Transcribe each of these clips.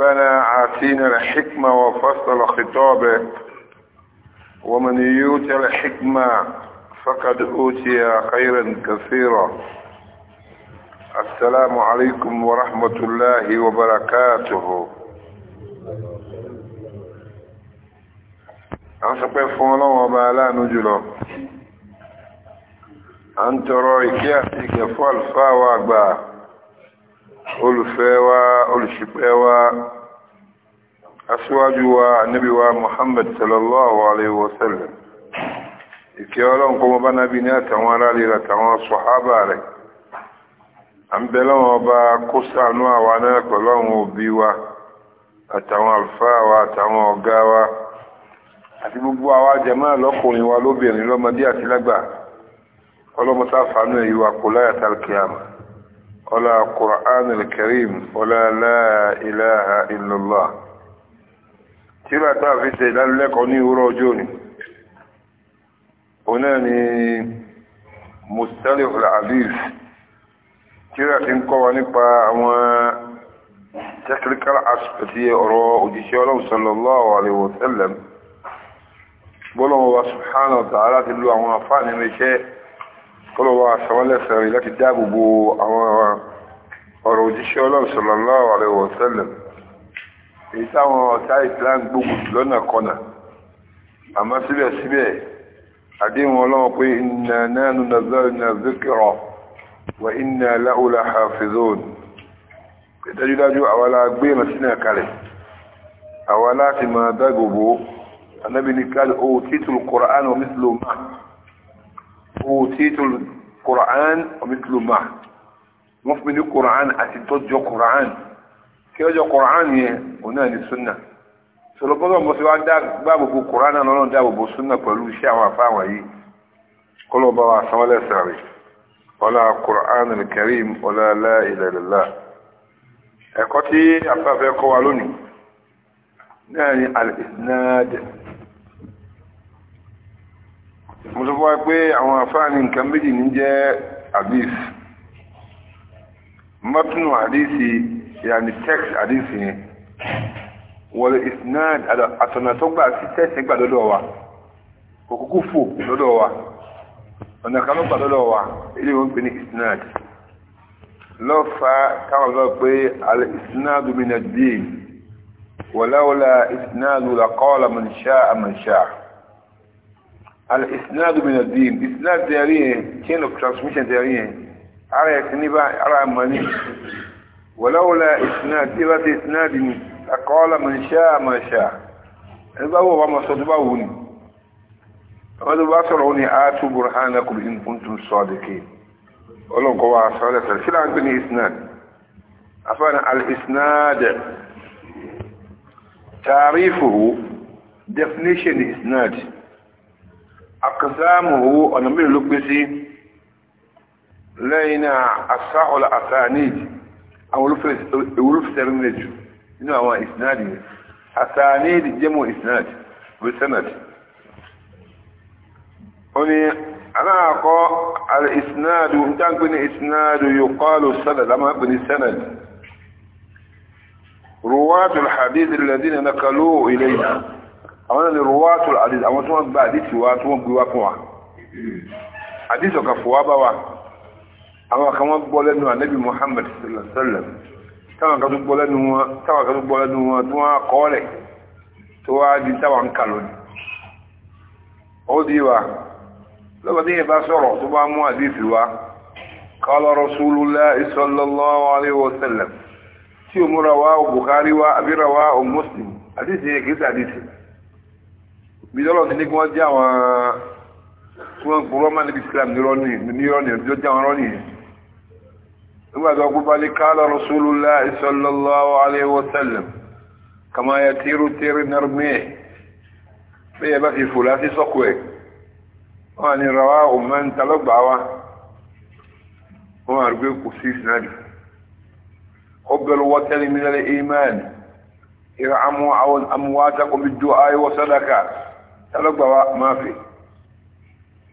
ربنا عاتينا الحكمة وفصل خطابه ومن يوت الحكمة فقد أوتي خيرا كثيرا السلام عليكم ورحمة الله وبركاته a sọ وما لا ọlọ́wọ́ انت رأيك jùlọ a ń tọrọ olùfẹ́ wa olùṣìpẹ̀ wa aṣíwájú wa ànábì wa Muhammad sallallahu alaihi wasallam ìkẹ́ ọlọ́run kó mọ́ bá nábi ní àtàwọn aráàlè àtàwọn sọ̀hábà rẹ̀ à ń bẹ lọ́wọ́ ọba kó ṣàánú àwa náà pẹ̀lú àwọn òbí wa àtàwọn àlùfáà wa àtàwọn ọ̀gá wa àti gbogbo àwa jàmáà lọ́kùnrin wa lóbìnrin lọ́mọdé àti lágbà ọlọ́mọsáfàánú ẹ̀yí wa kò láyàtàlùkìyàmà ولا قرآن الكريم ولا لا إله إلا الله تلا تعفي سيلان لك عني وراجوني هناني مستلح العزيز تلا تنقوى نبا وتسلك العسفتي أراء وجيشي صلى الله عليه وسلم بلهم الله سبحانه وتعالى تلو عن وفاني مشيه kọlọ̀wà àṣàwọ́lẹ̀sàn rí láti dáàbòbò àwọn ọ̀rọ̀ òjíṣẹ́ ọlọ́run sallallahu alaihi wa sallam èyí táwọn ọ̀tá ìsìláàmù gbógun lọ́nà kọnà àmọ́ síbẹ̀síbẹ̀ àdéhùn ọlọ́run pé inna nahnu nazzalna dhikra wa inna lahu lahafizun dájúdájú àwọlá gbé ìrànsínà kalẹ̀ àwọlá ti máa dáàbòbò anábìnikálì ó títùl Qur'an wa mithlu máa أوتيت القرآن ومثل معه wọ́n fún mi ní koran àti tọ́jọ́ koran kí ọjọ́ koran yẹn òun náà ní sunna sọlọ́pọ́tọ̀ mo ti wá dá gbogbo koran náà lọ́nà dá gbogbo sunna pẹ̀lú iṣẹ́ àwọn afáwọn yìí kọ́lọ̀ bá wa sanwó lẹ́sẹ̀ rẹ̀ ọlá koran al-karim ọlá la ilaha illallah ẹ̀kọ́ tí afáfẹ́ kọ́ wa lónìí náà ní al-isnad mo sọ fún wa pé àwọn àfáàní nǹkan méjì ní jẹ́ hadith matnu hadisi yani text hadisi yẹn wal isnad àtọ̀nà tó gbà sí text gbà lọ́dọ̀ wa òkúkú fò lọ́dọ̀ wa ọ̀nà kan ló gbà lọ́dọ̀ wa ilé wọn pè ní isnad lọ́fà táwọn lọ pé al isnad min ad-din wa lawla isnad la qala الاسناد من الدين الاسناد دارين chain of transmission دارين على يتنبع على أماني ولولا اسناد إبات اسناد أقال من شاء ما شاء هذا هو ما صدبوني هذا بصروني آتوا برهانكم إن كنتم صادقين ولو قوى صادقين شلا عندني اسناد أفانا الاسناد تعريفه definition isnad akọ̀sáàmù owó ọ̀nà mẹ́rin ló pín sí lẹ́yìn náà asá ọ̀la asá níìdì àwọn olùfẹ́sẹ̀ rẹ̀ jù nínú àwọn ìsìnàdì asá níìdì jẹ́mọ̀ ìsìnàdì bí sẹ́nàdì ó ní aláàkọ́ alìsìnàdù ń dáńgbé ní ìsìnàdù yóò kọ́lù sẹ́nàdì àwọn náà ni rọwátò àdìsí àwọn tí wọ́n gba àdìsí wa tí wọ́n gbé wá fún wa àdìsí ọ̀kà fòwá bá wa àwọn kan wọ́n gbọ́ lẹ́nu ànábì Muhammad sallallahu alaihi wasallam táwọn kan tó gbọ́ lẹ́nu wọn táwọn kan tó gbọ́ lẹ́nu wọn tí wọ́n kọ́ rẹ̀ tó wá di táwọn ń kà lónìí ó di wa lọ́wọ́ tí yẹn bá sọ̀rọ̀ tó bá mú àdìsí wa qala rasulullah sallallahu alaihi wasallam tí bidọlọ ní kí wọn jẹ àwọn kí wọn gbọrọ máa níbi islam ní rọnì ní rọnì ní ọjọ àwọn rọnì nígbà tó kú balẹ̀ kálọ̀ rasulullah sallallahu alayhi wa sallam kama ya tiru tiru narmiyẹ bẹ́ẹ̀ bá fi fò láti sọ́kù ẹ̀ wọ́n ni rọwá òmìnira tàlọ́gbà wa wọ́n àrùgbé kò sí sinadi ó bẹ̀rù wọ́tẹ́lì mílẹ̀ iman ìrà amúwátakùn bí jù ayé wọ́sádàkà tálọ́gbà wa máa fi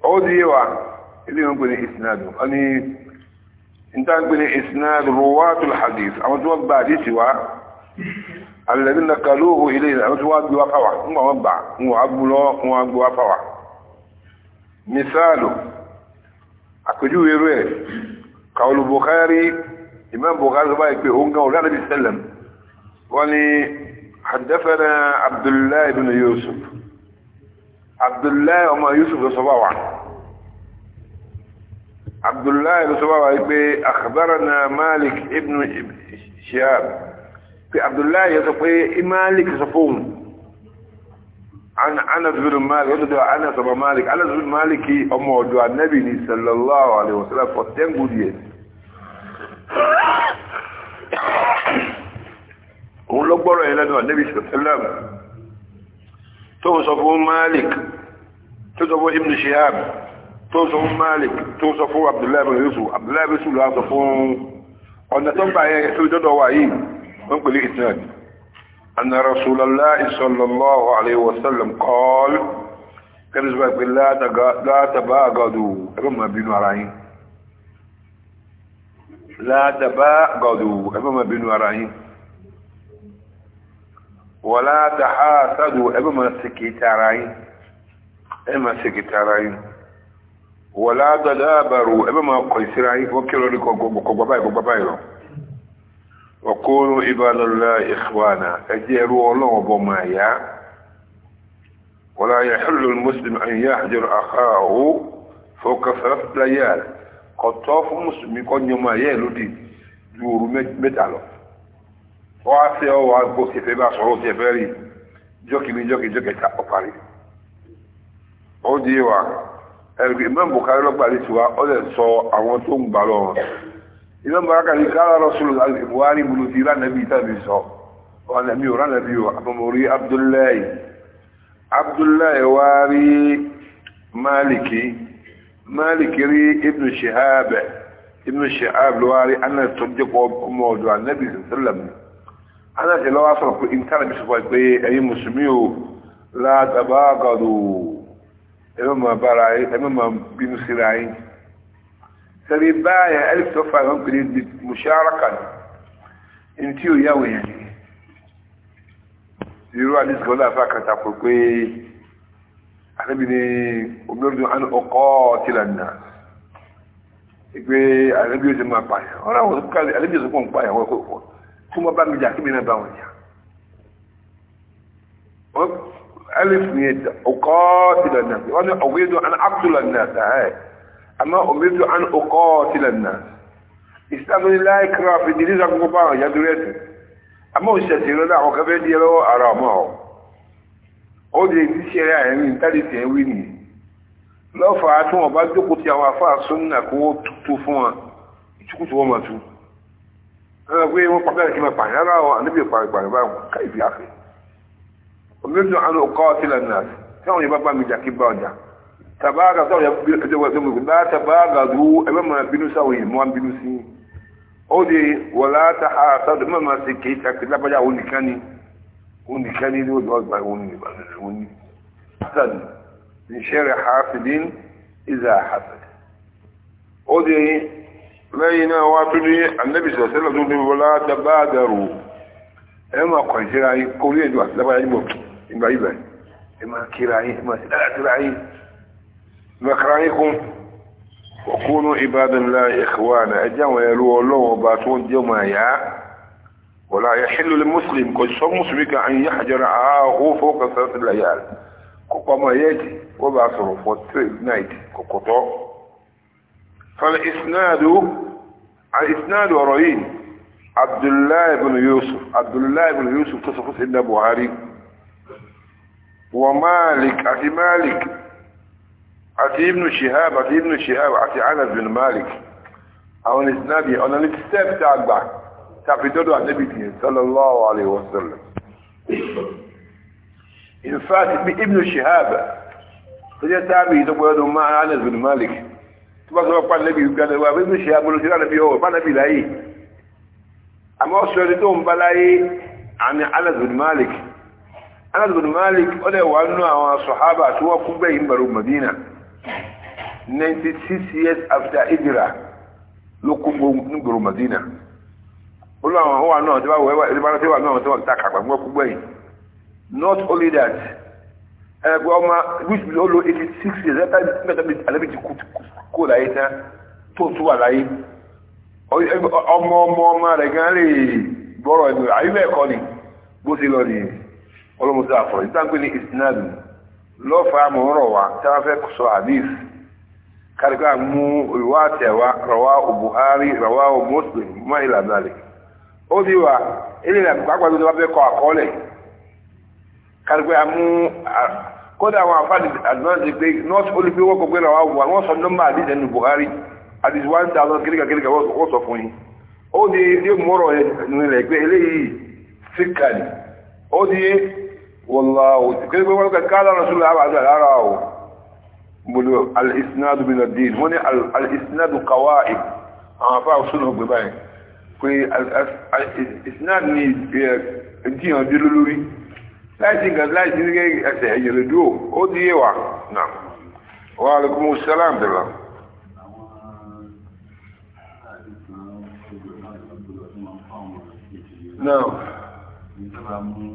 ọwọ́ di yé wa ilé wọn gbé ní ìsinadù wọn ni níta gbé ní ìsinadù ruwatul hadith àwọn tí wọ́n gba àdìsí wa alẹ́bí na kàlóòhù ilé ìlànà àwọn tí wọ́n gbé wa fáwa ń gbà wọ́n gbà ń wọ́n agbúlọ́ wọn ni حدثنا عبد الله بن يوسف abdullahi ọmọ yusuf ló sọ bá wà abdullahi ló sọ bá wà pé akhbarana malik ibn shihab pé abdullahi yẹ sọ pé imalik sọ fóun anas bin malik ó dọ̀dọ̀ anas ọmọ malik anas bin malik ọmọ ọ̀dọ̀ anabi ni sallallahu alaihi wasallam for ten good years òun lọ gbọ́rọ̀ yẹn lẹ́nu anabi sallallahu tó ń sọ fún malik تزفو ابن شهاب تزفو مالك تزفو عبد الله بن يوسف عبد الله بن يوسف لا تزفو أن تنبع يحسو جدو وعين ممكن لإثنان أن رسول الله صلى الله عليه وسلم قال كان يسبق لا لا تباغضوا أما بينو عرائين لا تباغضوا أما بينو عرائين ولا تحاسدوا أما سكيت عرائين ẹ máa ṣe kìtà ara yín wọ̀lá àgbàdá àbàrò ẹ bá máa kọ̀ ìsira yín fún kí lórí kọ̀gbọ̀gbọ̀ báyìí gbọ̀gbọ̀ báyìí lọ. ọkùnrin ìbálòlá ìṣúwànà ẹ jẹ́ ẹrú ọlọ́wọ́ bọ́ máa yá wọ̀lá yàhùlù mùsùlùmí àyìn yá àjọrò àkàwò fọkà sàrẹ́fìláyà kọ̀tọ́ fún mùsùlùmí ó di wa ẹ̀rù Imam Bukhari lọ́gbà ní tiwa ó lè sọ àwọn tó ń gbà lọ Imam Bukhari kára Rasulullah Buhari bulu ti ránàbí tàbí sọ wọn nàbí ò ránàbí ò àbọ̀mọ̀rí Abdullahi Abdullahi wa rí Maliki Maliki rí Ibn Shihab Ibn Shihab ló wá rí Anas tó jẹ́ kọ́ ọmọ ọ̀dọ̀ ànábì sallam Anas ló wá sọ̀rọ̀ pé ìntànàbí ẹmọ́ ma bára ẹmọ́ ma bínú síra yìí sẹ́rí báyẹ̀ ẹlẹ́tọ́fà wọn pèrè di mùsàrákà ní tí ó yáwó yẹn ni irú àdísìkò láfà kàtàkù pé àrẹ́bìnrin obìnrin àni ọkọ̀ tìlà nà pé àrẹ́bìnrin ti máa pààyàn ọ̀rọ̀ àwọn àrẹ́bìnrin ti pọ̀ pààyàn alif ne uqatila nas wani uridu an aqtula nas ay amma uridu an uqatila nas islam la ikra fi din za ko ba ya duret amma o se tiro da o ka be di lo ara mo o de ni se ra en ni tali te wi ni lo fa tun o ba joko ti àwọn afa sunna ko tutu fún wa tutu to ma tu eh we wọ́n pa ka ki ma pa ara o ani bi pa pa ba kai bi afi omidu anu qatila an-nas sawon yi baba mi jaki ba oja tabaga sawon ya bi de wa zumu ba tabaga du e ma binu sawon mo an binu si o de wala tahasad ma ma sikki takla ba ja woni kani woni kani do do ba woni ba woni hasan min shari hasidin idha hasad o de lẹ́yìnà tún ní annabi sallallahu alaihi wọlá tabadaru ẹ ma kọ̀ọ̀ṣẹ́ra kórí ẹ̀dùn àti lábáyé gbọ̀kì ìgbà ibẹ̀ ìmọ̀ kíra yìí ìmọ̀ sí dáadáa yìí ìmọ̀ kíra yìí kún ọkùnrin ìbádọ́lá ìkọwàna ẹjẹ́ àwọn ẹ̀rọ ọlọ́wọ́ ọba tó ń jẹ́ ọmọ àyá wọ́lá yẹ̀hìlú lè mùsùlùmí kò sọ mùsùlùmí kan àyè àjọra àáhó fọ́kàn sáfì láyà kópa ọmọ ẹ̀yẹ́ jì wọ́n bá sọ̀rọ̀ for three night عبد الله بن يوسف عبد الله بن يوسف تصف سيدنا بوهاري ومالك أتي مالك أتي ابن شهاب أتي ابن شهاب أتي أنس بن مالك أو نسنابي أو نتساب تعبع تعبدوا عن النبي صلى الله عليه وسلم إن فات ابن شهاب تجي تعبي تقول مع أنس بن مالك تبقى تبقى النبي قال ابن شهاب قال النبي هو ما نبي لا أما أصلي توم بلاي عن أنس بن مالك anas bin malik ọdẹ wà nù àwọn madina ninety six years after idira ló kú gbẹ̀rù madina olú àwọn ọwà náà tí wọn wọ ẹwà ìdíbàrà tí wọn náà tí wọn ta kàgbà wọn kú gbẹ̀yìn not only that ẹgbẹ ọmọ which be eighty six years bi gan gbọrọ ẹgbẹ ayé bẹ́ẹ̀ kọ́ bó ti lọ nìyẹn. ọlọ́mọdé àfọ̀ ìtàgbé ní ìsinadù lọ́fà àmọ̀rọ̀ wa tí wọ́n fẹ́ sọ hadith kárìkà mú ìwà àtẹ̀wà rọwà Buhari rọwà Muslim má ìlànà rẹ̀ ó di wa ilé ìlànà pàápàá tó wọ́n fẹ́ kọ àkọọ́lẹ̀ kárìkà mú kódà àwọn àfáàdì àdúrásì pé north holy pé wọ́n kọ pé rọwà wà wọ́n sọ nọ́mbà hadith ẹnu Buhari hadith one thousand kíríkà kíríkà wọ́n sọ fún yín ó di ní mọ́rọ̀ ẹ̀ nílẹ̀ pé eléyìí síkàlì ó di والله كيف يقول لك قال رسول الله عز وجل أراه بلو الإسناد من الدين هنا الإسناد قواعد أنا فاهم شنو ببين في الإسناد من الدين الدلولي لا يجيك لا يجيك أسهل يردوه أو ديوا نعم وعليكم السلام بالله نعم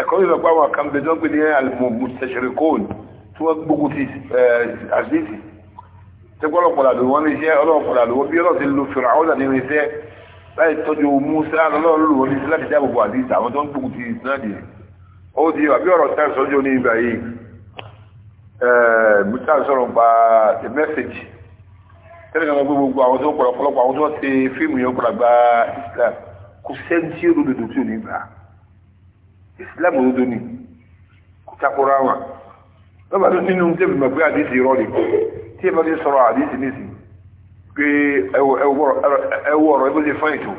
ẹ̀kọ́ yìí lọ́pọ̀ àwọn kan bẹ̀rẹ̀ pé ní alìmọ̀gbù tẹ̀sẹ̀rẹ̀ kóòlù tí wọ́n gbógun ti àṣìṣì eh, tí wọ́n lọ́pọ̀ làdó wọn níṣẹ́ ọlọ́pọ̀ làdó wọn bí ọlọ́ ti lo fìrà àwọn àdéhùn iṣẹ́ láì tọ́jú Musa lọ́lọ́rù wọn níṣẹ́ láti dáàbò bò àdìsí àwọn tó ń gbógun ti sinadi ó di àbí ọ̀rọ̀ tá sọ́jọ́ ní ibà yìí eh, Musa sọ̀rọ̀ pa the message tẹ́lẹ̀ kan gbogbo gbogbo àwọn tó ń pọ̀lọpọ̀lọpọ̀ àwọn tó ń ṣe fíìmù yẹn pọ̀lọpọ̀ Islam kò sẹ́ńtì rúdòdò tí ò ní gbà á islam òdodo ni kò takora wọn lọ́ba tó nínú tẹ́bí mọ̀ pé àdìsí irọ́ ni tí ẹ bá ti sọ̀rọ̀ àdìsí nìsín pé ẹwọ́ ọ̀rọ̀ ẹgbẹ́ ti fáìn tó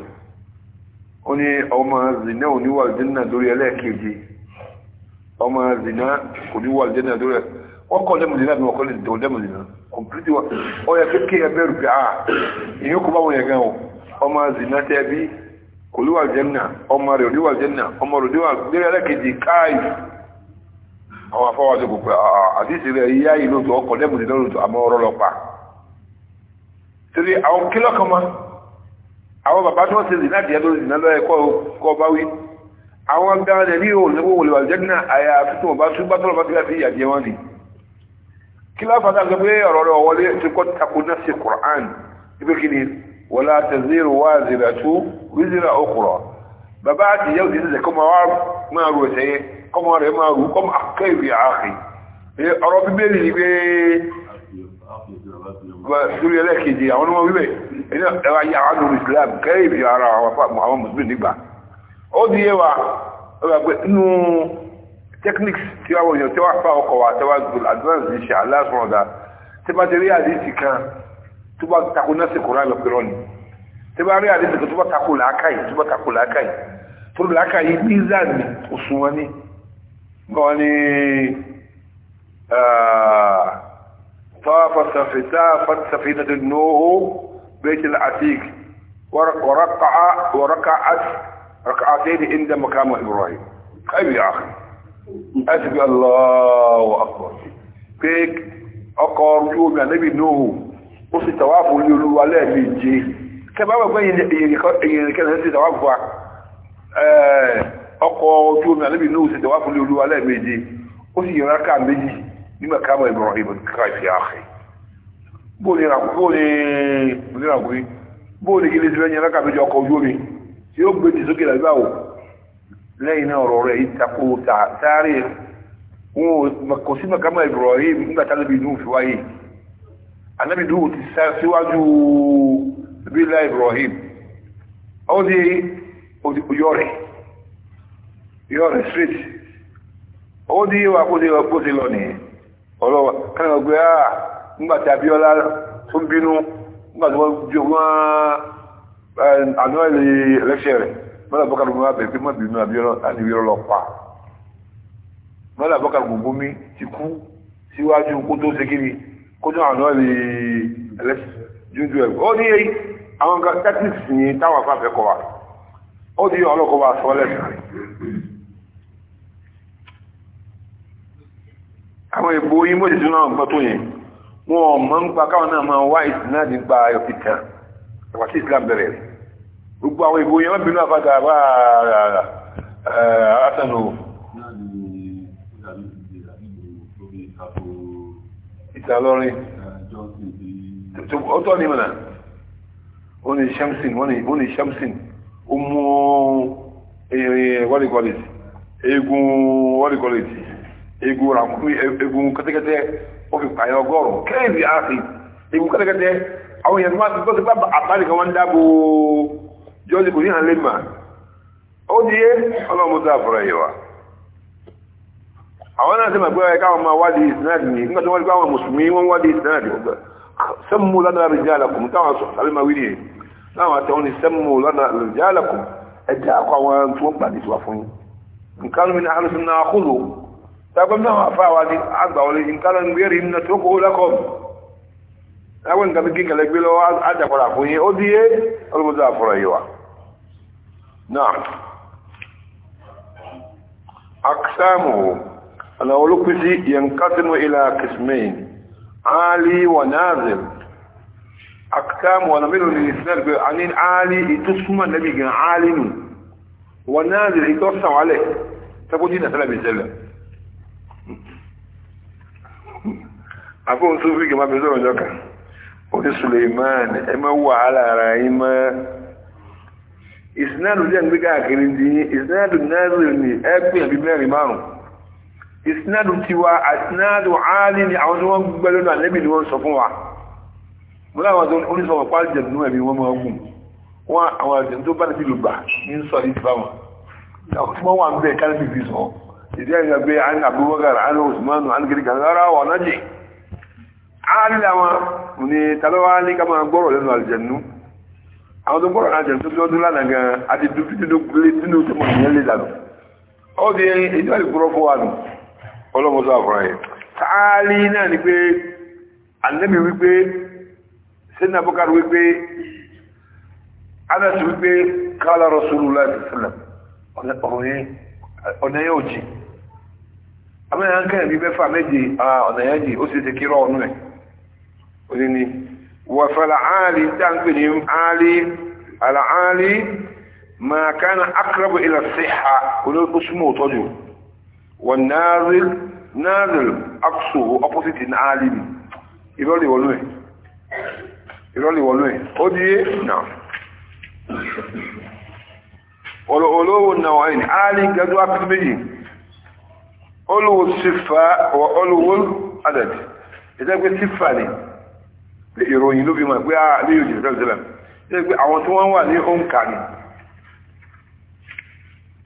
ó ní ọmọ zina ò ní wà lùdínà lórí ẹlẹ́ẹ̀kejì ọmọ zina kò ní wà lùdínà lórí wọ́n kọ́ lẹ́mù zina bí wọ́n kọ́ lẹ́mù lẹ́mù zina kọ̀mpútì wọn ọ yẹ kékeré ẹgbẹ́ rù pé ah ìyókù báwọn yẹn gan o ọmọ zina tẹ́ bí kò ló wà jẹ́nà ọmọ rẹ̀ ló wà jẹ́nà ọmọ rẹ̀ ló wà lórí ẹlẹ́kejì káàì àwọn afọwọ́ àti òkùnkùn àdìsí rẹ̀ yíyá yìí lóòótọ́ ọkọ̀ lẹ́mùdí náà lóòótọ́ àmọ́ ọ̀rọ̀ lọ pa torí àwọn kílọ̀ kan mọ́ àwọn bàbá tó ń ṣe zìnà díẹ̀ lórí zìnà lọ́yẹ kọ́ bá wí àwọn agbára rẹ̀ wíṣíra okùrọ̀ bàbá àti ìyá òdì ìṣẹ̀ṣẹ̀ kọ́mọ wa máa rò ṣe kọ́mọ rẹ̀ máa rò kọ́mọ akẹ́rì àáfì ọ̀rọ̀ bíbélì ni pé lórí ẹlẹ́kejì àwọn ọmọ wíwẹ̀ ẹni ẹwà yà á lórí Islam kẹ́rì ara àwọn mùsùlùmí nígbà ó di yé wa ọgbà pé nínú techniques tí wọ́n yàn tí wọ́n pa ọkọ̀ wa tí wọ́n gbọ́dọ̀ advance ní ṣe aláṣọ ọ̀dà tí bá ti rí àdìsí kan tó bá takò náà sí kùrán lọ tẹ́bá rí àdé nìkan tó bá takò làákàyè tó bá takò làákàyè tó làákàyè pízà ní oṣù wọn ní wọn ní طاف سفتا سفينة النوح بيت العتيق ورقع ورقعت ركعتين عند مقام إبراهيم كيف يا أخي أسبي الله أكبر كيك أقار جوم النبي نوح وسي توافوا لي ولي kẹba wà gbẹ́yìn èyàn kẹsàn sí ìdáwà fún wa ọkọ̀ ojú omi àlébì náà sí ìdáwà fún olúwa lẹ́ẹ̀mejì ó sì yọra ká méjì nígbà káàmọ̀ ìbọ̀rọ̀ ìbọn kíkà ìfì àkè bóòlì ìrànkúrí bóòlì kí ní ti fẹ́yìn rákà méjì ọkọ̀ ojú omi tí ó gbé ti sókè làbí àwò lẹ́yìn náà ọ̀rọ̀ rẹ̀ ìtakò tààrí wọn kò sí mọ̀kámọ̀ ìbọ̀rọ̀ yìí nígbà tálẹ́bì náà fi wáyé bílá Ibrahim ó di yọ́rẹ̀ yọ́rẹ̀ street ó di wà kó di ọ̀pọ̀ sí lọ nìyẹn ọlọ́wà kánà gbé àà ah, nígbàtí Abíọ́lá tó ń bínú nígbàtí wọ́n jọ wọ́n eh, àná ilé ẹlẹ́ṣẹ̀ rẹ̀ mọ́lá bọ́kàlù mọ́ bẹ̀rẹ̀ pé mọ́ bínú Abíọ́lá láti wíọ́ lọ pa mọ́lá bọ́kàlù gbogbo mi ti kú síwájú kó tó ṣe kí ni kó tó àná ilé ẹlẹ́ṣẹ̀ jújú àwọn nǹkan tẹ́tìs ní táwọn afáfẹ́ kọ wa ó di ọlọ́kọ̀ wa sọ lẹ́sàn àwọn ìbò yí mọ́ ìṣúná ọgbọ́n tó yẹn wọn ò mọ̀ ń pa káwọn náà máa wá ìsìn náà nípa ìtàn ẹ̀wà sí Islam bẹ̀rẹ̀ gbogbo àwọn ìbò yẹn wọ́n wọ́n ni shamsin wọ́n ni shamsin ó mú wọ́n kọ́lẹ̀ egun wọ́n kọ́lẹ̀ egun ràkúnmí eh, egun kẹ́tẹ́kẹ́tẹ́ ó fi pààyàn ọgọ́rùn-ún kẹ́ẹ̀dì ààfin egun kẹ́tẹ́kẹ́tẹ́ àwọn èèyàn máa tó ti bá àbárí kan wọ́n dábò jọ́ọ̀lì kò ní hàn lè mà ó di yé ọlọ́mọdé àfọ̀rọ̀ yìí wa àwọn náà ti mọ̀ pé ẹ̀ka àwọn máa wádìí ìsinádìí nígbà tí wọ́n rí pé àwọn mùsùlùmí wọ́n wádìí ìsinádìí ọgbà sẹ́mú lánàá rijalakum táwọn sàbẹ̀mà wí nìyẹn láwọn àtẹwọn ni sẹ́mú lánàá rijalakum ẹ̀jẹ̀ akọ àwọn tí wọ́n gbàdé tiwa fún yín nǹkan mi ní alùsùn náà kúlò tábà náà wà fáwa ní àgbà wọlé nǹkan mi gbé rí iná tó kó lákọ̀ láwọn nǹkan mi kí kẹlẹ gbé lọ́wọ́ àjàkọ̀rà fún yín ó di yé ọlọ́mọdé àfọ̀rọ̀ yìí wa náà aksamu ọ̀nà olókùsí yẹn kásínú ilà kìsmẹ́yìn عالي ونازل أقسام ونميل للإسلام عن عالي تسمى النبي عالي ونازل يتوسع عليه تبودين سلام الجلة أقول صوفي كما بيزور جوكا قل سليمان إما هو على رأيما إسناد جان بقى كريم دي إسناد النازل أبي أبي بلاري مارو ìsinádù tiwa àsinádù áálí ni àwọn tí wọ́n gbẹ́ lọ́nà àlẹ́bì ni wọ́n sọ fún wa mọ́lá àwọn tó oníṣọ́wọ̀ pàálì jẹ̀dùnú ẹ̀mí wọ́n mọ́ ọgbùn wọ́n àwọn àjẹ́ tó bá níbi lùgbà ní sọ ní ti báwọn àwọn tí wọ́n wà ń bẹ̀ kálíbì fi sọ ìdí ẹ̀yà pé a ní Abubakar a ní Usman a ní kiri kan rárá wà náà jẹ́ áálí làwọn ní talọ́wà ní ká máa gbọ́rọ̀ lẹ́nu àlìjẹ̀nú àwọn tó tó lọ́dún lánàá àti dúdú tó mọ̀ nílé lànà ó ìjọ́ ìgbúrọ́ fún wa nù ọlọ́mọdé àfúráyé tààlì náà ni pé annabi wípé sínú abúkar wípé anas wípé kala rasulullah sallam ọ̀nà yóò jì abẹ́yà ń kẹ́yìn bí mẹ́fà méjì ọ̀nà yóò jì ó sì ti kírọ ọ̀nà ẹ̀ òní ma kana akrabu ila siha olóòkú súnmọ́ òtọ́jú wọ̀n nánú akṣòwò opposite ní alìbì ìrọ́lìwọ̀lú ẹ̀ ìrọ́lìwọ̀lú ẹ̀ ó di yé nà olówó náà wáyé ní alì olowo apẹ́tẹ́ méjì olówó sífà wọ olówó adẹ̀dẹ̀ ìtẹ́gbẹ́ sífà ni ìròyìn ló fi mọ̀ pé a lè yóò jẹ́ àwọn tí wọ́n wà ní òǹkà ni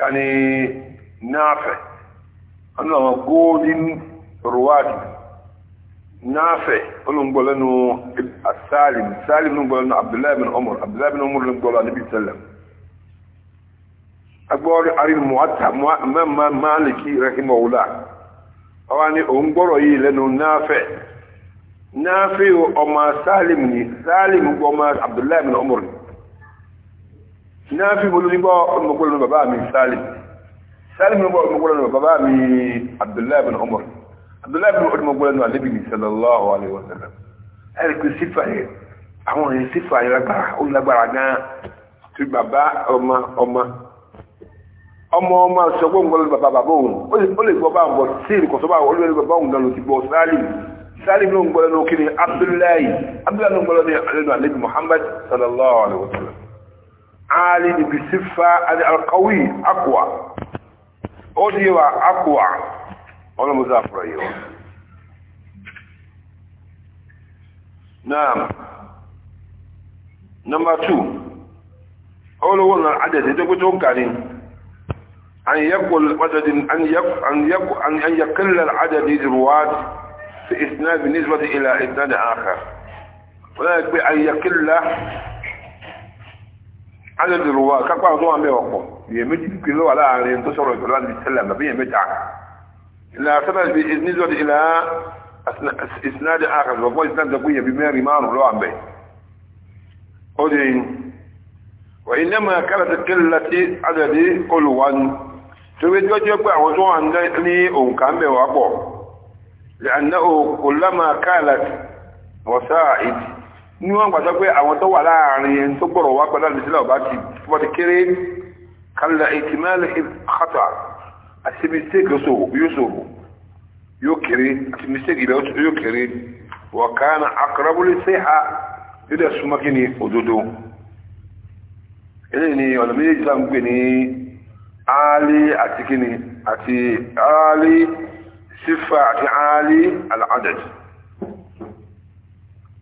kani nafe ọ̀nà àwọn golden rwadi nafe olùgbọ́lẹ́nu salim salim olùgbọ́lẹ́nu abdullahi bin umar abdullahi bin umar olùgbọ́lẹ́nu anabi sallam agbọ́rọ̀ arin muwata mẹ́mà maliki rahimahula ọwá ni òun gbọ́rọ̀ yìí lẹ́nu nafe nafe ọmọ salim ni salim gbọ́mọ abdullahi bin umar ni náà fi bolú nígbọ́ ọmọkúrò bàbá mi Salim Salim nígbọ́ ọmọkúrò bàbá mi Abdullahi bin Umar Abdullahi bin ọmọkúrò náà lẹ́bi ní sallallahu alaihi wa sallam ẹ̀rì pé sífà yẹn àwọn èèyàn sífà yẹn lágbára ó lágbára gan tí bàbá ọmọ ọmọ ọmọ ọmọ sọgbọ́n gbọ́dọ̀ bàbá bàbá òun ó lè gbọ́ bá ń bọ̀ sí ìrìkọ̀sọ́ bá olóyè bàbá òun gan ló ti bọ̀ Salim Salim ló ń gbọ́dọ̀ ní Abdullahi Abdullahi ló ń gbọ́dọ̀ ní Muhammad sallallahu alaihi wa عالم بالصفة القوي أقوى أوديوا أقوى ولا مزافر أيوة نعم نمبر 2 أولو ولنا العدد يتقول كريم أن يقل عدد أن يقل أن يقل أن يقل العدد الرواة في إسناد بالنسبة إلى إسناد آخر ولا يقول أن يقل adadu ruwa kápá ọdún wa mẹ́wàá pọ̀ èèyàn méjì pípé lọ́wọ́ láàrin tó sọ̀rọ̀ ìgbàlá ní sẹ́lẹ̀ àbí èèyàn mẹ́ta ìlà sábà bí níjọ́dí ìlà ìsinádì àkàtúntò fún ìsinádì pé èèyàn bí mẹ́rin márùn lọ́wọ́ àbẹ̀ ó di wà iná máa kára ti kéré láti adadi olùwánu tó wé tí ó jẹ́ pé ní wọ́n gbàgbọ́ pé àwọn tó wà láàrin ẹni tó gbọ̀rọ̀ wá pẹ̀lú àdìsílẹ̀ ọba ti wọ́n ti kéré kálẹ̀ ìtìmẹ́lẹ̀ ìkàtà àti mistake yóò sòwò yóò kéré àti mistake ìbẹ̀ yóò kéré wà kánà akọrọbùlé sí ha yóò dẹ̀ súnmọ́ kí ni òdodo eléyìí ni ọ̀nà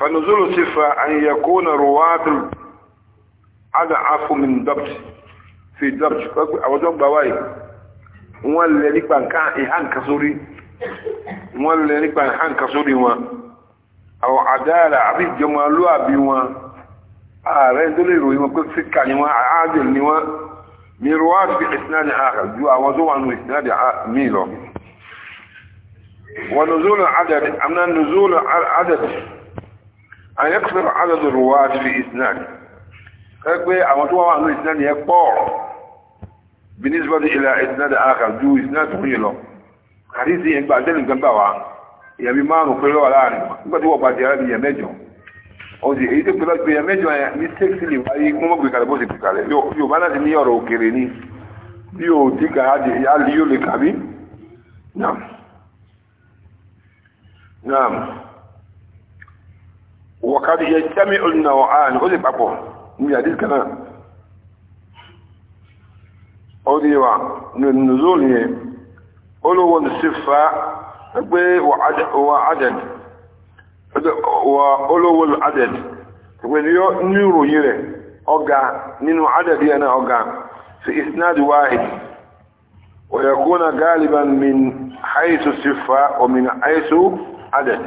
فنزول صفة أن يكون رواة أضعف من ضبط في ضبط أوجه بواي wọ́n lè nípa ìhànkà sórí wọ́n lè nípa ìhànkà sórí wọn àwọ̀ àdáyàrà àbí ìjọmọ alóàbí wọn ààrẹ tó lè ròyìn wọn pé síkà ni wọ́n àádìl ni wọ́n ni ruwáàtì bí ìsináàdì ààrẹ ju àwọn tó wà nù ìsináàdì mí lọ wọn nùzúlù àdàdì أن يكثر عدد الرواة في إسناد كيف أما توا عن الإسناد يكبر بالنسبة إلى إسناد آخر جو إسناد طويل حديثي إن بعد ذلك كان بوا يبي ما نقول له الآن ما توا بعد هذا يمجو ó di èyí tó pẹ̀lú ọgbẹ yẹn mẹ́jọ yẹn mistake sì lè wáyé kí wọn gbé kalẹ̀ bó ti gbé kalẹ̀ yóò bá láti ní ọ̀rọ̀ òkèrè ni bí o ti kà á di ìyá lè yóò lè kàbí. naam naam. وقد يجتمع النوعان قولي بابو من حديث كلام قولي من النزول قولوا الصفة وعدد وقولوا العدد قولي نيرو يري أقع نينو عدد أنا أقع في إسناد واحد ويكون غالبا من حيث الصفة ومن حيث عدد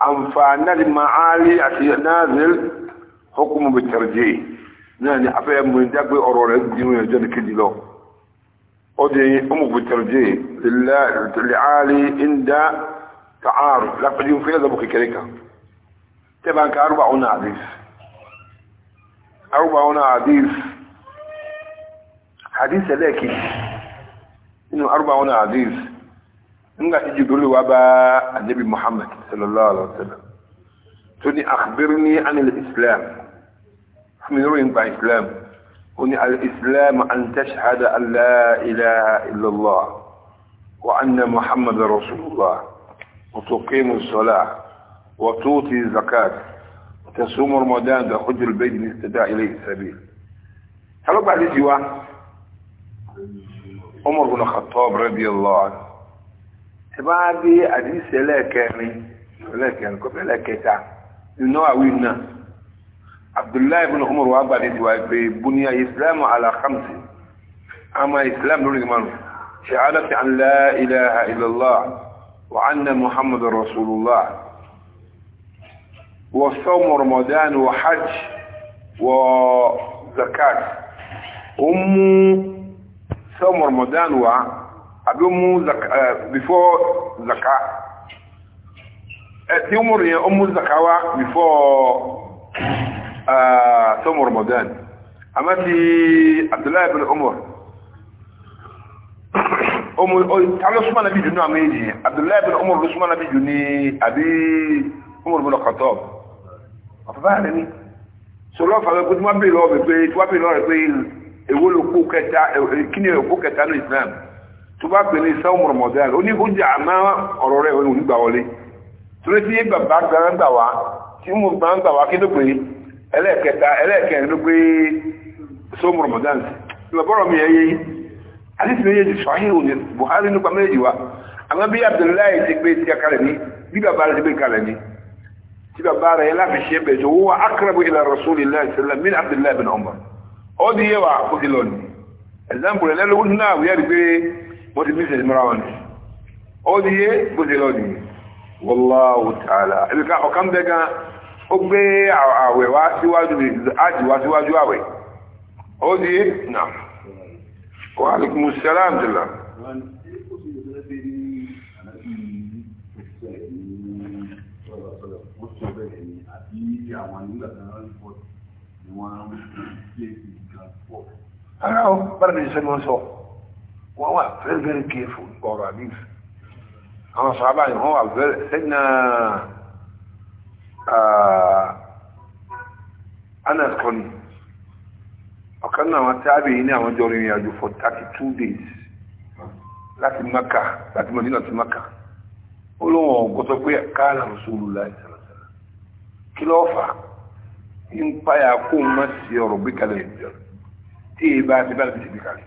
àǹfààní àti ma'ali àti nazil hukumu bi tarjih náà ni afẹ́ mú ìdágbé ọ̀rọ̀ rẹ̀ dínú ẹjọ́ ní kejì lọ ó di ọmọ bi tarjih lẹ́àlì ìndá ta'aru lápẹjú fílẹ̀ lọ́bù kékeré kan tẹ́bà ń ka arúgbà ọ̀nà àdís arúgbà ọ̀nà àdís hadith ẹlẹ́ẹ̀kejì nínú arúgbà ọ̀nà àdís nígbà tí jìbìrì wá bá anabi muhammad sallallahu alaihi wa sallam tó ní akhbirni anil islam fún mi ròyìn gba islam ó ní al-islam an tashhada an la ilaha illallah wa anna muhammad rasulullah wa tuqimu as-salah wa tuti zakat wa tasumu ramadan wa hujju al-bayt in istata ilayhi sabil halo ba liji wa umar bin khattab radiyallahu anhu tẹ́bá dé àdíṣẹ́ lẹ́ẹ̀kẹrin lẹ́ẹ̀kẹrin kọ́fẹ́ lẹ́ẹ̀kẹta nínú àwìn náà abdullahi ibn umar wa gbàdé ti wá pé buniya islam ala khamsi ama islam lórí ìmánu shahadati an la ilaha illallah wa anna muhammad rasulullah wa sawm ramadan wa hajj wa zakat umu sawm ramadan wa àbí ó mú eh, before zaka ẹ eh, tí ó mú rẹ̀ ó mú zaka wá before eh, sọmọ Ramadan àmọ́ ti Abdullahi bin Umar tàbí Usman nàbí jù ní àmì ìdí Abdullahi bin Umar ló Usman nàbí jù ní àbí Umar bin Khattab ọ̀fẹ́fẹ́ rẹ̀ ni sọlọ́ fàwọn ẹgbẹ́ tí wọ́n bèèrè ọ̀rẹ́ pé èwo ló kó kẹta kí ni èkó kẹta ní Islam tó bá pè ní sọ́wọ́n rọmọdán ó ní kó jẹ́ àmá ọ̀rọ̀ rẹ̀ òun gbà wọlé torí tí bàbá gbàrán gbà wá tí mo gbà ń gbà wá kí ló pé ẹlẹ́ẹ̀kẹta ẹlẹ́ẹ̀kẹrin ló pé sọ́wọ́n rọmọdán sí lọ́bọ̀rọ̀ mi ẹ̀yẹ àdìsí méjèèjì sọ́hìn òní Buhari nípa méjèèjì wa àmọ́ bí Abdullahi ti gbé ti kalẹ̀ ní bí bàbá rẹ̀ ti gbé kalẹ̀ ní bó ti mísẹ̀ mìíràn wọn ni ó ní yé bó ti lọ nìyí wallahu ta'ala ibi ká ọ̀kan bẹ́ gan ó gbé àwẹ̀ wá síwájú àjì àwẹ̀ ó ní yé nà wa alaikumus salam jùlọ. ara ó bára ní ìṣẹ́ni wọ́n sọ wọ́n wà very very careful ọ̀rọ̀ àdìs àwọn sàábà yìí wọ́n wà very sẹ́yìnà ah, anas kọ́ni ọ̀kan náà àwọn tábì yìí ní àwọn jọ rìnrìn àjò for thirty two days láti maka láti mọ̀dínà ti maka ó lóun ọ̀gọ́tọ̀ pé káàlà Rasulullahi sallallahu alaihi wasallam kí ló fà á ń payà kó má sí ọ̀rọ̀ gbé kalẹ̀ ìjọ tí èyí bá ti bá ti ti bí kalẹ̀.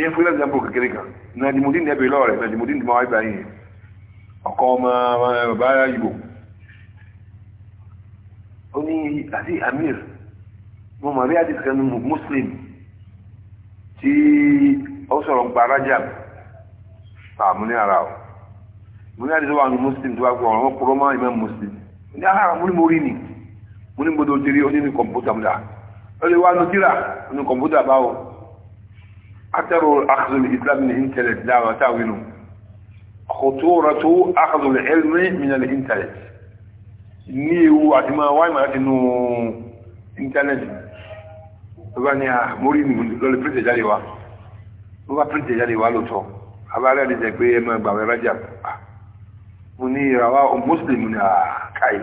èyí fún ilẹ̀ ìjàmbò kékeré kan nàìjíríà ní ẹbí lọ́ọ̀rẹ̀ nàìjíríà ní màá ibà yìí ọkọ ọmọ eh, bàbá ìbò ó ní àti amir mo mọ̀ rí àdìsí kan muslim tí ó sọ̀rọ̀ ń pa rajab àmú ní ara o muslim tó bá gbọ́ ọ̀rọ̀ kúrọ́ muslim ní ara mo ní mo rí ni mo ní gbọdọ̀ jẹrí ó ní ní kọ̀mpútà mi dà ó أثر أخذ الإسلام من الإنترنت لا وتاويله خطورة أخذ العلم من الإنترنت ní ewu àti máa wáyé máa ti nù íńtánẹ́ẹ̀tì tó bá ní à mórí ní lọ́lẹ̀ píríntì jáde wá ló bá píríntì jáde wá lóòótọ́ abáré rẹ̀ jẹ́ pé ẹ máa gbàwé rájà mo ní ìràwá mùsùlùmí ní àkàyè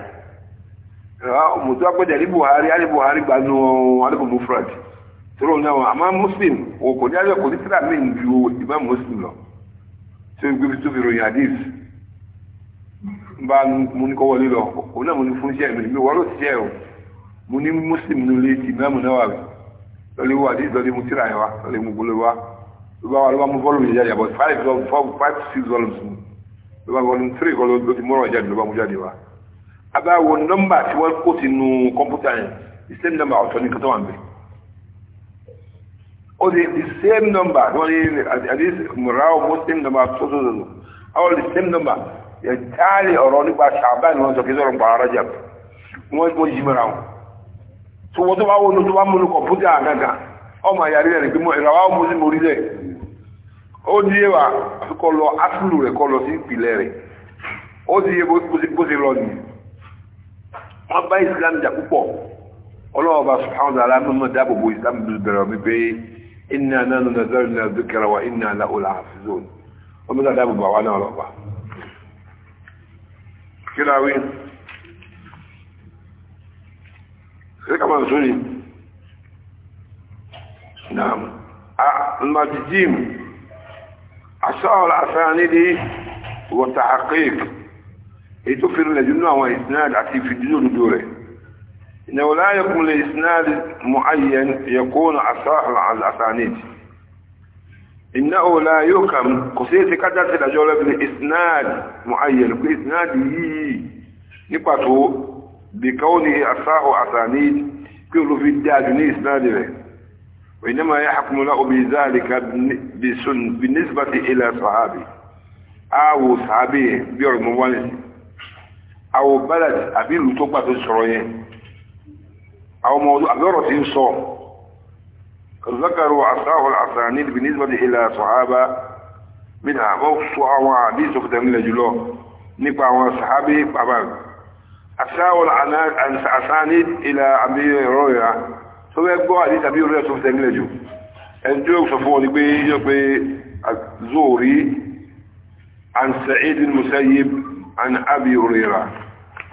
ìràwá mùsùlùmí àpẹjẹ ní Buhari alẹ́ Buhari gbanú alẹ́ bùnú fúrẹ́dì tóró náà àmọ́ muslim wò kò ní ayọ̀ kò ní sílá mi ju ìbá muslim lọ tí ó gbé tó fi ròyìn hadith ń bá mú ní kọ́wọ́lé lọ òun náà mú ní fún iṣẹ́ mi mi wọ́n ló ṣiṣẹ́ o mú ní muslim ní olè ti ìbá mu náà wà rẹ̀ lọ́lẹ́ wà hadith lọ́lẹ́ mú tíra yẹn wa lọ́lẹ́ mú gbólé wa ló bá wà ló bá mú volume yẹn jáde about five four five six volumes mu ló bá volume three kọ́ ló ti mọ́rọ̀ jáde ló bá mú jáde wa. abáwo nọ́mbà tí wọ́n kó sínú kọ́mpútà yẹn the same number ọ̀tọ̀ ní kọ́tọ́ or the, the same number at least murao muslim number two two two all the same number yẹtaali ọ̀rọ̀ nípa ṣàbá ni wọ́n sọ kí sọ̀rọ̀ nípa arajà wọ́n wọ́n yí mara wọn tó wọ́n tó going to tó bá mú ní Oh àgàgà ọmọ àyàrí rẹ̀ pé ìràwá muslim orí rẹ̀ ó di ewa kọ lọ asúlù rẹ̀ kọ lọ sí ìpìlẹ̀ rẹ̀ ó di ewa bó ṣe lọ nìyí wọ́n bá islam jà púpọ̀ ọlọ́wọ́ bá subhanahu wa ta'ala mímọ́ dáàbò bo islam bẹ̀rẹ̀ wípé إنا نحن نزلنا الذكر وإنا له لحافظون ومن هذا أبو بعوانا على الله كلا وين كما سوري نعم المجيم السؤال الأساندي هو التحقيق يتفر لجنة وإسناد عتي في الدين دوره إنه لا يكون لإسناد معين يكون أصح الأسانيد إنه لا يكم قصيت كدرت الأجولة بإسناد معين بإسناد نقطه بكونه أصح أسانيد كل في الداد إسناد به وإنما يحكم له بذلك بالنسبة إلى صحابي أو صحابي بيرموانسي أو بلد أبيل تقبط الشروعين أو موضوع اجرة ينصوم ذكروا عصاه العصانيد بالنسبة إلى صحابة من عبوص وعواديث وكتابين لجلوه نبقى عوان صحابي بابان عصاه العصانيد الى ابي رويا سوف يقبوا حديث ابي رويا سوف تابين لجو انجوك صفوني بي يقبي الزوري عن سعيد المسيب عن أبي هريره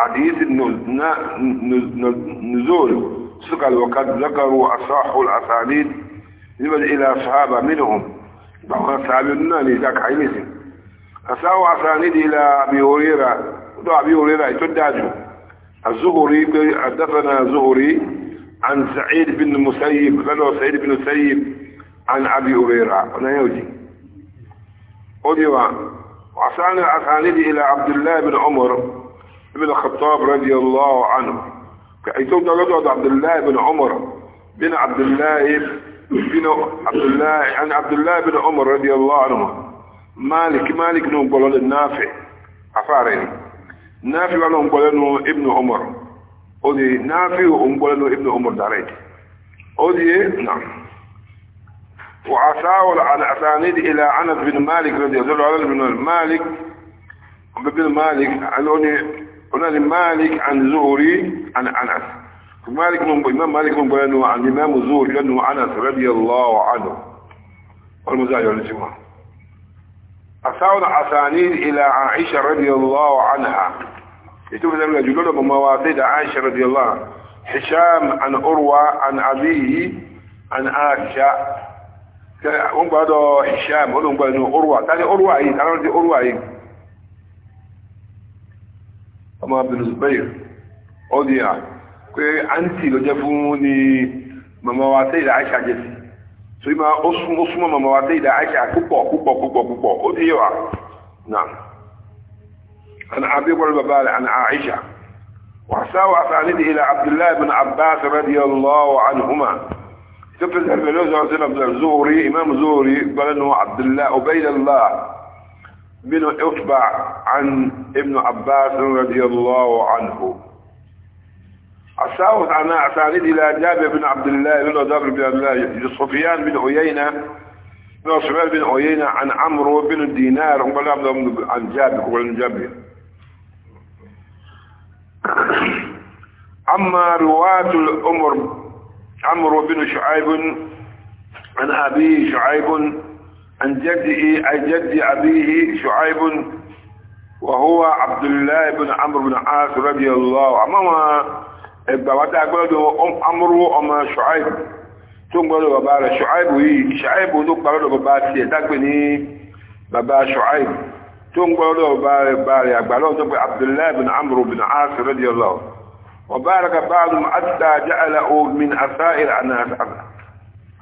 حديث النزول ثقل وقد ذكروا أصح الأسانيد لمن إلى أصحاب منهم بعض أصحاب الناني لذاك حيث أصح أسانيد إلى أبي هريرة ودع أبي هريرة يتدعجه الزهري حدثنا الزهري عن سعيد بن مسيب قالوا سعيد بن مسيب عن أبي هريرة أنا يوجي أدوا وأصحاب الأسانيد إلى عبد الله بن عمر ابن الخطاب رضي الله عنه كأيتون دلوقتي عبد الله بن عمر بن عبد الله بن عبد الله عن عبد الله بن عمر رضي الله عنه مالك مالك نو قولون النافع عفارين نافع ولو قولون ابن عمر ودي نافع قولون ابن عمر داريت ودي نعم وعساول على أسانيد إلى عنف بن مالك رضي الله عنه بن مالك بن مالك قالوني قلنا لمالك عن زهري عن أنس مالك من إمام مالك من بيانه عن إمام زهري لأنه أنس رضي الله عنه والمزاجر لسمه أصعد أسانيد إلى عائشة رضي الله عنها يتوفى ذلك جلولة بمواطيد عائشة رضي الله عنها حشام عن أروى عن أبيه عن عائشة هم بعده حشام هم بعده أروى تاني أروى أيه تاني أروى أيه Usman bin Zubair ọdí à pé àǹtí ló jẹ́ fún ní màmá wa tẹ́ ìdá Aisha jẹ́ sí so ìmá ó súnmọ́ màmá wa Aisha púpọ̀ púpọ̀ púpọ̀ púpọ̀ ó أنا أبي قول ببالي عن عائشة وحساوى أسانده إلى عبد الله بن عباس رضي الله عنهما تفز الملوز عزيز عبد الزهري إمام زهري قال أنه عبد الله عبيد الله بن عقبة عن ابن عباس رضي الله عنه الثالث عن أساند إلى جابر بن عبد الله بن الله بن الله سفيان بن عيينة بن سفيان بن عيينة عن عمرو بن الدينار هم قالوا عن جابر عن جابر أما رواة الأمر عمرو بن شعيب عن أبي شعيب عن جده أي جد أبيه شعيب وهو عبد الله بن عمرو بن عاص رضي الله عنه أمام بواتا قالوا أم عمرو أم شعيب ثم قالوا بابا شعيب وي شعيب ودوك قالوا بابا سي تاكني بابا شعيب ثم قالوا بابا بابا قالوا عبد الله بن عمرو بن عاص رضي الله وبارك بعضهم حتى جعله من أسائر الناس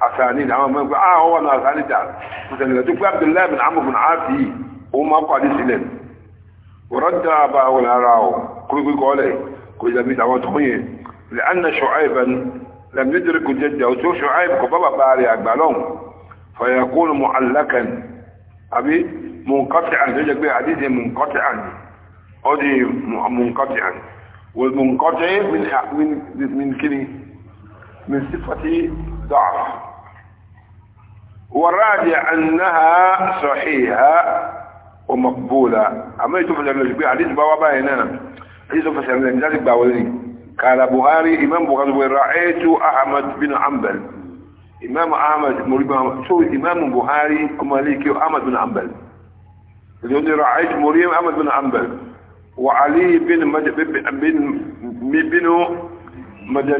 أسانيد عمام مانكو آه هو أنا أسانيد دعال مثلا تقول عبد الله بن عمرو بن هو ما قال سلم ورد أبا ولا راه كل إيه؟ كل قوله كل ذا بيت عوات لأن شعيبا لم يدرك جده وشو شعيب كبابا باري أقبالهم فيكون معلقا أبي منقطعا يجب به حديث منقطعا أدي منقطعا والمنقطع من من من كني من صفتي ضعف والراجع أنها صحيحة ومقبولة أما يتوفى الأجبية حديث بابا هنا حديث في بابا باولي قال بخاري إمام بخاري رأيت أحمد بن حنبل إمام أحمد مريم شو إمام بخاري مالكي أحمد بن حنبل يقول رأيت مريم أحمد بن حنبل وعلي بن مد... بن بن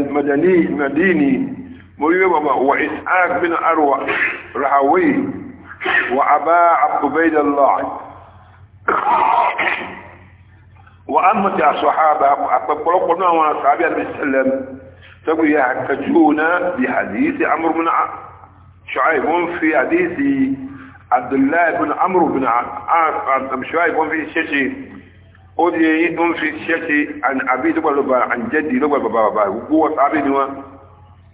مدني مديني مريم وما وإسحاق بن أروى رحوي وأبا عبيد الله وأما الصحابة أقبلوا قلنا وأصحابي عليه السلام تقول يحتجون بحديث عمرو بن شعيب في حديث عبد الله بن عمرو بن عاص شعيب في الشيخ أودي في الشيخ عن أبي لبى عن جدي لبى بابا هو صحابي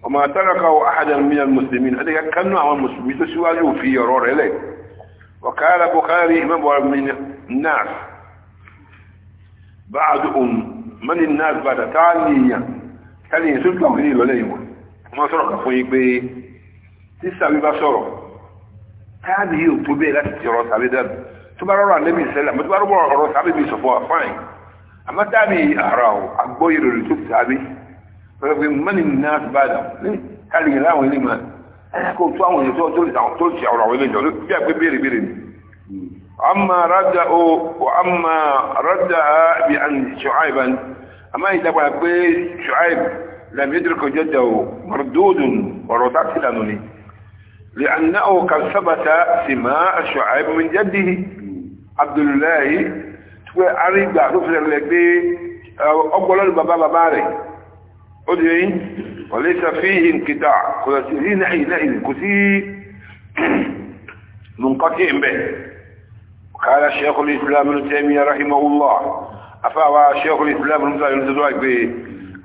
وما تركه أحدا من المسلمين هذا كانوا عن المسلمين تسواجوا في يرور إليه وقال بخاري إمام من الناس بعدهم من الناس بعد تعالي تعالي سلطة وكذي لليهم وما سرق فيك بي تسا بيبا سرق هذه الطبيعة لا تترى سابي دب تبارو عن النبي صلى الله عليه وسلم تبارو عن الرسول سابي بيصفوها فاين أما تابي أهراه أقبوير اللي تبسابي pẹ̀lú mẹ́ni náà ti bá dà káàlì yẹn láwọn ilé máa kó tó àwọn èèyàn tó tó ṣe ọ̀rọ̀ àwọn ilé jọ bí a pé béèrè béèrè ni amma rádà ó amma rádà bí an ṣùáìbán a máa ìdàgbà pé ṣùáìb lẹ́mìdìrí kò jẹ́jà ó mardudun ọ̀rọ̀ tá ti dànù ni lè anna ó kan sábàtà sì máa ṣùáìb min jẹ́dì abdullahi tó pé arígbà tó fi rẹ̀ bàbá bàbá rẹ̀ ó di yìí wọlé sàfihì nkìtà kò lọ sí ìrìnà ìlà ìlú kò sí lùnkọ́tí ìmbẹ̀ kààlà sẹ́kùlù ìsìlámi ní tẹ́mi rahimahullah afáwà sẹ́kùlù ìsìlámi ní tẹ́mi tẹ́lọ́ àgbẹ̀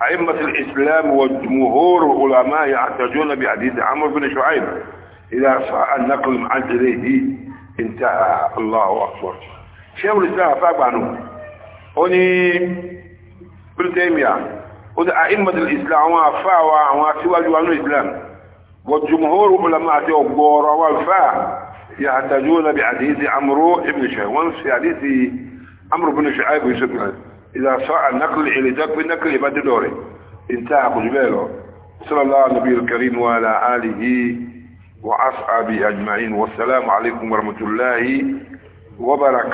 أئمة الإسلام وجمهور علماء يعتجون بحديث عمرو بن شعيب إذا النقل عن إليه انتهى الله أكبر شيخ الإسلام أفاق عنه هني بن تيمية ó ní àìmọ̀tì islam àwọn àfá wa àwọn aṣíwájú wa ní islam wọ̀jùmọ̀hóró ulama àti ọgbọ̀ọ̀rọ̀ wa fà yà àtàjú nàbí àdéhìsí amúró ibn shu'aib wọ́n fi àdéhìsí amúró ibn shu'aib àìbò ìṣòkè ìlà sọ ànákìlì ìlẹjọ pé nákìlì bá dé lọrẹ ìta àkùjú bẹ́ẹ̀ lọ